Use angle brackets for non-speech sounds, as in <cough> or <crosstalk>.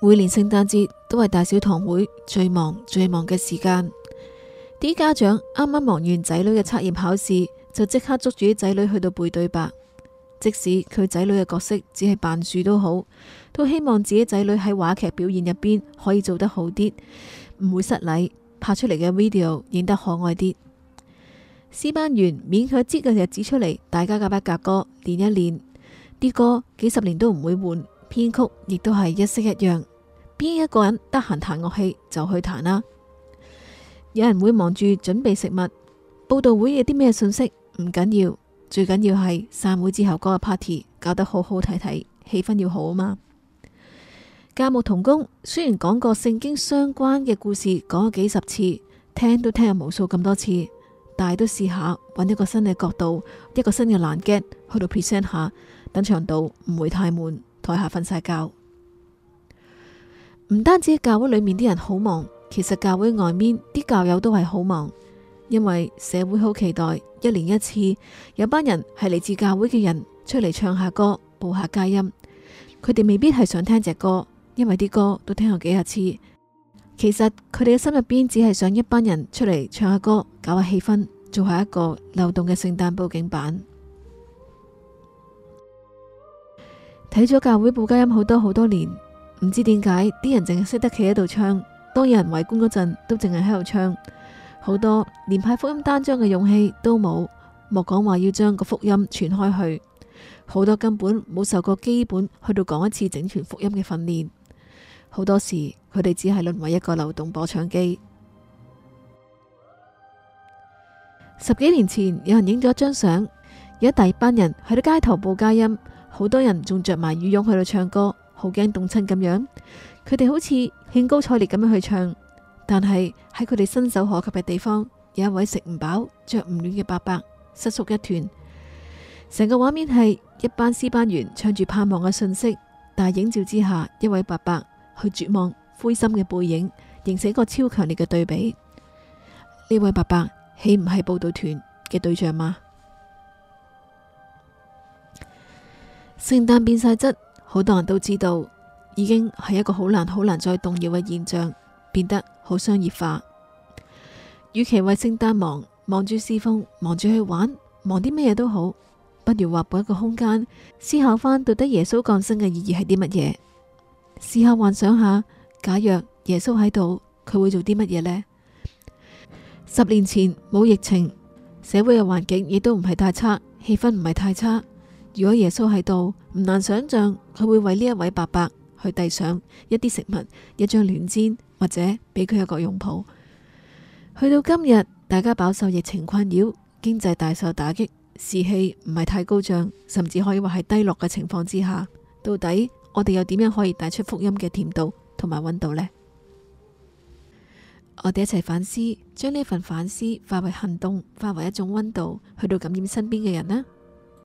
每年聖誕節都係大小堂會最忙最忙嘅時間，啲家長啱啱忙完仔女嘅測驗考試，就即刻捉住啲仔女去到背對白，即使佢仔女嘅角色只係扮樹都好，都希望自己仔女喺話劇表演入邊可以做得好啲，唔會失禮，拍出嚟嘅 video 影得可愛啲。詩班員勉強擠個日子出嚟，大家夾一夾歌練一練，啲歌幾十年都唔會換，編曲亦都係一式一樣。邊一個人得閒彈樂器就去彈啦。有人會忙住準備食物，報道會有啲咩信息唔緊要，最緊要係散會之後嗰個 party 搞得好好睇睇，氣氛要好啊嘛。教牧同工雖然講過聖經相關嘅故事講咗幾十次，聽都聽咗無數咁多次，但係都試下揾一個新嘅角度，一個新嘅眼鏡去到 present 下，等長度唔會太悶，台下瞓晒覺。唔單止教會裏面啲人好忙，其實教會外面啲教友都係好忙，因為社會好期待一年一次有班人係嚟自教會嘅人出嚟唱下歌、報下佳音。佢哋未必係想聽隻歌，因為啲歌都聽咗幾十次。其實佢哋嘅心入邊只係想一班人出嚟唱下歌、搞下氣氛，做下一個流動嘅聖誕布景版。睇咗教會報佳音好多好多年。唔知點解啲人淨係識得企喺度唱，當有人圍觀嗰陣都淨係喺度唱，好多連派福音單張嘅勇氣都冇，莫講話要將個福音傳開去，好多根本冇受過基本去到講一次整全福音嘅訓練，好多時佢哋只係淪為一個流動播唱機。 <noise> 十幾年前有人影咗張相，有一大班人喺啲街頭報佳音，好多人仲着埋羽絨去到唱歌。好驚凍親咁樣，佢哋好似興高采烈咁樣去唱，但係喺佢哋伸手可及嘅地方，有一位食唔飽、着唔暖嘅伯伯瑟縮一團。成個畫面係一班詩班員唱住盼望嘅訊息，但映照之下，一位伯伯去絕望、灰心嘅背影，形成一個超強烈嘅對比。呢位伯伯豈唔係報道團嘅對象嗎？聖誕變晒質。好多人都知道，已經係一個好難、好難再動搖嘅現象，變得好商業化。與其為聖誕忙，忙住侍奉，忙住去玩，忙啲乜嘢都好，不如劃開一個空間，思考返到底耶穌降生嘅意義係啲乜嘢。試下幻想下，假若耶穌喺度，佢會做啲乜嘢呢？十年前冇疫情，社會嘅環境亦都唔係太差，氣氛唔係太差。如果耶穌喺度，唔難想象佢會為呢一位伯伯去遞上一啲食物、一張暖氈，或者俾佢一個擁抱。去到今日，大家飽受疫情困擾，經濟大受打擊，士氣唔係太高漲，甚至可以話係低落嘅情況之下，到底我哋又點樣可以帶出福音嘅甜度同埋溫度呢？我哋一齊反思，將呢份反思化為行動，化為一種溫度，去到感染身邊嘅人呢？